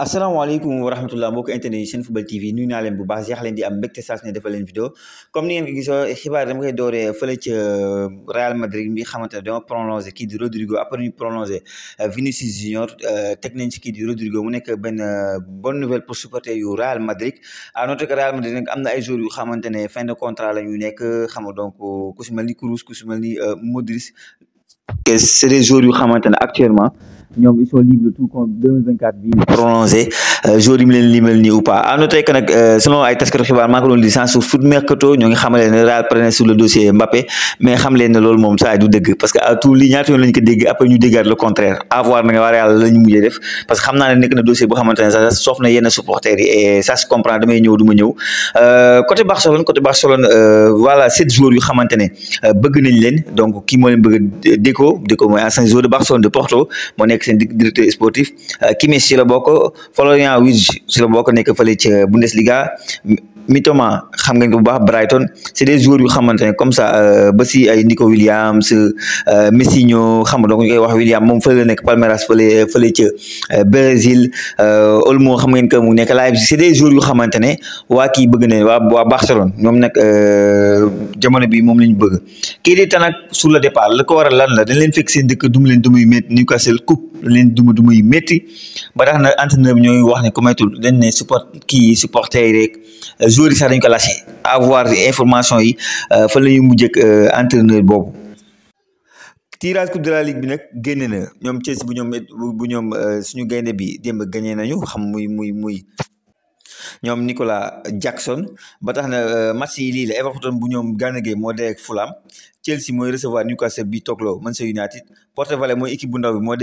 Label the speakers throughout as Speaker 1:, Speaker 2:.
Speaker 1: السلام عليكم ورحمه الله بوك انترنيشن فوتبول تي في نوي نالين بو باخ جيخ لين دي ام بكت ساس ني ديفال لين فيديو كوم ني ام غيسو خبار دم كاي دوري فلي تي ريال مدريد مي خامتاني دو برونوزي كي دي رودريغو ابر ني برونوزي فينيسيوس جونيور تكنين كي دي رودريغو مو نيك بن بون نوفيل بور سوبورتي يو ريال مدريد ا نوتك ريال مدريد نك امنا اي جور يو خامتاني فين دو كونترا لا ني نيك خامو دونك كوس ملني كروس كوس ملني مودريس كيس سيري جور يو خامتاني اكتيرمون ñoom ils sont libres tout compte 2024 bien prolongé euh, joueurs yi mu leen ou pas à noter que nag euh, selon ay taskatu xibar ma ko don di sans sur foot mercato ñoo ngi xamalee ne Real prenait sur le dossier Mbappé mais xam leen ne lool mom saa du deug parce que tout li ñaata yoon lañ ko dégg après ñu déggaat le contraire avoir na nga waa Real lañ ñu def parce que xam naa ne nekk na dossier boo xamante ça sax soof na yenn supporters yi et ça se comprend damay ñëw du ma euh côté Barcelone côté Barcelone euh, voilà sept jours yu xamante ne bëgg nañ leen donc ki mo leen bëgg Deco Deco mooy ancien joueur de Barcelone de Porto mo nek sen directeur sportif Kimmich ci la boko Florian Gliwice si la bokk nekk fële ca Bundesliga Mitoma xam nga ko bu baax Brighton c' est des joueurs yu xamante ne comme ça euh, ba si ay Nico Williams euh, Messinho xam nga donc ñu wax William moom fa la nekk Palmeiras fële fële ca euh, Brésil Olmo xam ngeen que mu nekk Leipzig si est des joueurs yu xamante ne waa kii bëgg nañ waa waa Barcelone ñoom nag jamono bi moom la bëgg kii di Tanak sur le départ la ko waral lan la dañ leen fekk seen dëkk dum leen dumuy métti Newcastle coupe dañ leen dum ba tax na entraîneur bi ñooy wax ne ku maytul dañ ne support kii supporter yi rek joueurs yi sax avoir information yi euh, fan la ñuy mujjee ak euh, entraîneur boobu. tirage coupe de la ligue bi nag génne na ñoom Chelsea bu bu ñoom euh, suñu gaynde bi démb gagné nañu xam muy muy muy. ñoom Nicolas Jackson ba tax na euh, match yi lii la Everton bu ñoom Gana Gueye moo dee ak Fulham Chelsea mooy recevoir Newcastle bi toogloo Manchester United Porto Vale mooy équipe ndaw bi moo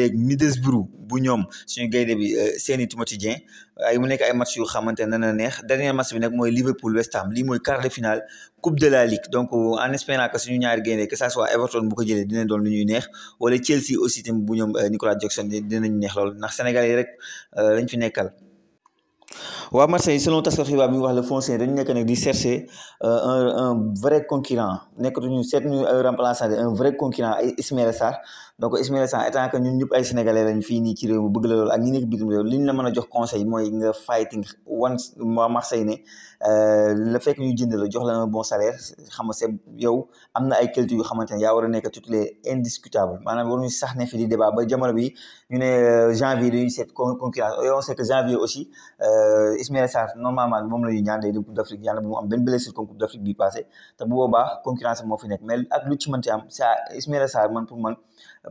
Speaker 1: bu ñoom suñu gaynde bi euh, seeni Timothy Dieng ay mu nekk ay match yu xamante ne na neex dernier match bi nag mooy Liverpool West Ham lii mooy quart de finale coupe de la ligue donc en espérant que suñu ñaari gaynde que ça soit Everton bu ko jëlee dina doon lu ñuy neex wala Chelsea aussi tamit bu ñoom euh, Nicolas Jackson dinañu neex lool ndax Sénégal yi rek lañ fi nekkal wa Marseille selon taska xibaar bi ñu wax le Foncé dañu nekk nag di chercher euh, un un vrai concurrent nekkatuñu set ñu remplaçant un vrai concurrent Ismaïla Sarr donc Ismaël Sarr étant que ñun ñëpp ay sénégalais lañ fii nii ci réew mi bëgg la lool ak ñi nekk bitum réew liñ la mëna jox conseil mooy nga fighting once waa Marseille ne euh, la fekk ñu jënd la jox la un bon salaire xam nga yow am na ay qualité yu xamante ne yaa war a nekk toutes les indiscutables maanaam waruñu sax ne fi di débat ba jamono bi ñu ne euh, janvier dañuy seet concurrence et on sait que janvier aussi euh, Ismaël Sarr normalement moom la ñu ñaan day dem Coupe d'Afrique yàlla bu mu am benn blessure comme Coupe d'Afrique bi passé te bu boobaa concurrence moo fi nekk mais ak lu ci mënti am ça Ismaël Sarr man pour man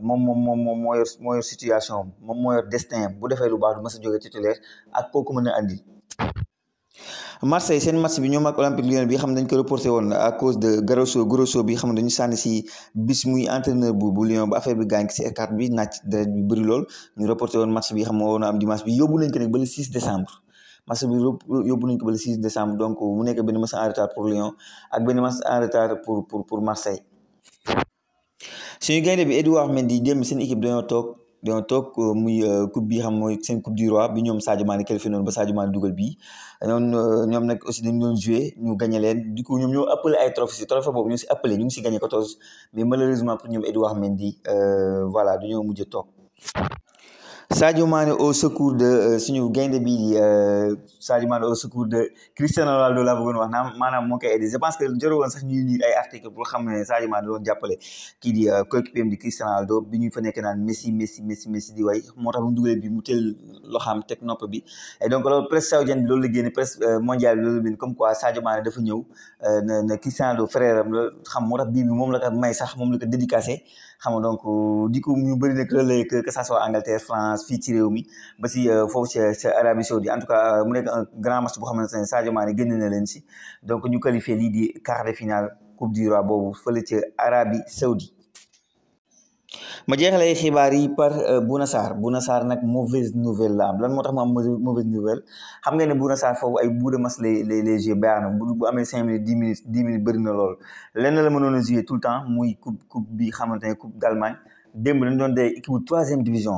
Speaker 1: moom moom moom moom moo moo situation am moom moo destin bu defee lu baax du mës a jóge ak kooku mën a andi. Marseille seen match bi ñoom ak Olympique Lyonnais bi xam dañ ko reporté woon à cause de Grosso Grosso bi xam dañu sànni si bis muy entraîneur bu bu Lyon ba affaire bi gaañ si écart bi naaj deret bi bëri lool ñu reporté woon match bi xam moo am dimanche bi yóbbu nañ ko nag ba le 6 décembre. yóbbu nañ ko ba le 6 donc mu nekk benn match en retard pour Lyon suñu gaynde bi Edouard Mendy démb seen équipe dañoo toog dañoo toog euh, muy euh, coupe bi xam mooy seen coupe du roi bi ñoom Sadio Mané qualifié noonu ba Sadio Mané dugal bii noonu euh, ñoom nag aussi dañ doon joué ñu gagné leen du coup ñoom ñoo appelé ay trophée si trophée boobu ñu ngi si appelé ñu ngi si gagné quatorze mais malheureusement pour ñoom Edouard Mendy voilà dañoo mujj a toog Sadio Mané au secours de euh, suñu gaynde bi di euh, Sadio Mané au secours de Cristiano Ronaldo la bëggoon wax naa maanaam moo koy aidé je pense que jëro won sax ñuy lire ay article pour xamné ne Sadio Mané doon jàppale ki di euh, coéquipier di Cristiano Ronaldo bi ñu fa nekk naan Messi Messi Messi Messi di way motax bu mu bi mu lo xam tek nopp bi et donc loolu presse saoudienne bi loolu la génne presse mondial bi loolu la comme quoi Sadio Mané dafa ñëw na Cristiano Ronaldo frère la xam moo tax bi mom la ko may sax mom la ko dédicacé xam nga donc euh, di ko ñu bëri nag relais que que ça soit Angleterre France fii ci réew mi ba si euh, foofu ca ca Arabie Saoudite en tout cas euh, mu nekk un grand match boo xamante ne Sadio Mané génn na leen si donc ñu qualifié lii di quart de finale Coupe du Roi boobu fële ca Arabie Saoudite ma jeexalee xibaar yi par euh, Bouna Sarr Bouna Sarr nag mauvaise nouvelle la am lan moo tax mu am mauvaise nouvelle xam nga ne Bouna Sarr foofu ay bout de match les lay lay joué bayaana bu bu amee cinq minutes dix minutes dix minutes bëri na lool lenn la mënoon a joué tout le temps muy coupe coupe bi xamante ne coupe d'Allemagne démb lañ doon dee équipe troisième division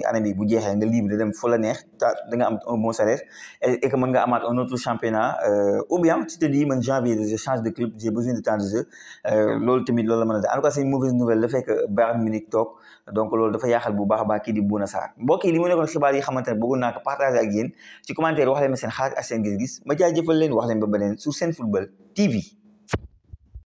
Speaker 1: mooy année bi bu jeexee nga libre dem fu la neex ta da nga am un bon salaire et que mën nga amaat un autre championnat euh ou bien tu te dis man janvier je change de club j'ai besoin de temps de jeu euh lolou tamit lolou la mën a en tout cas c'est une mauvaise nouvelle le fait que Bayern Munich tok donc lolou dafa yaaxal bu baax ba ki di Bouna Sarr mbokk yi li mu xibaar yi xamantene ne bëggoon ko partager ak yéen ci commentaire wax leen sen seen ak sen gis-gis ma jaajëfal leen wax leen ba benen sur sen football TV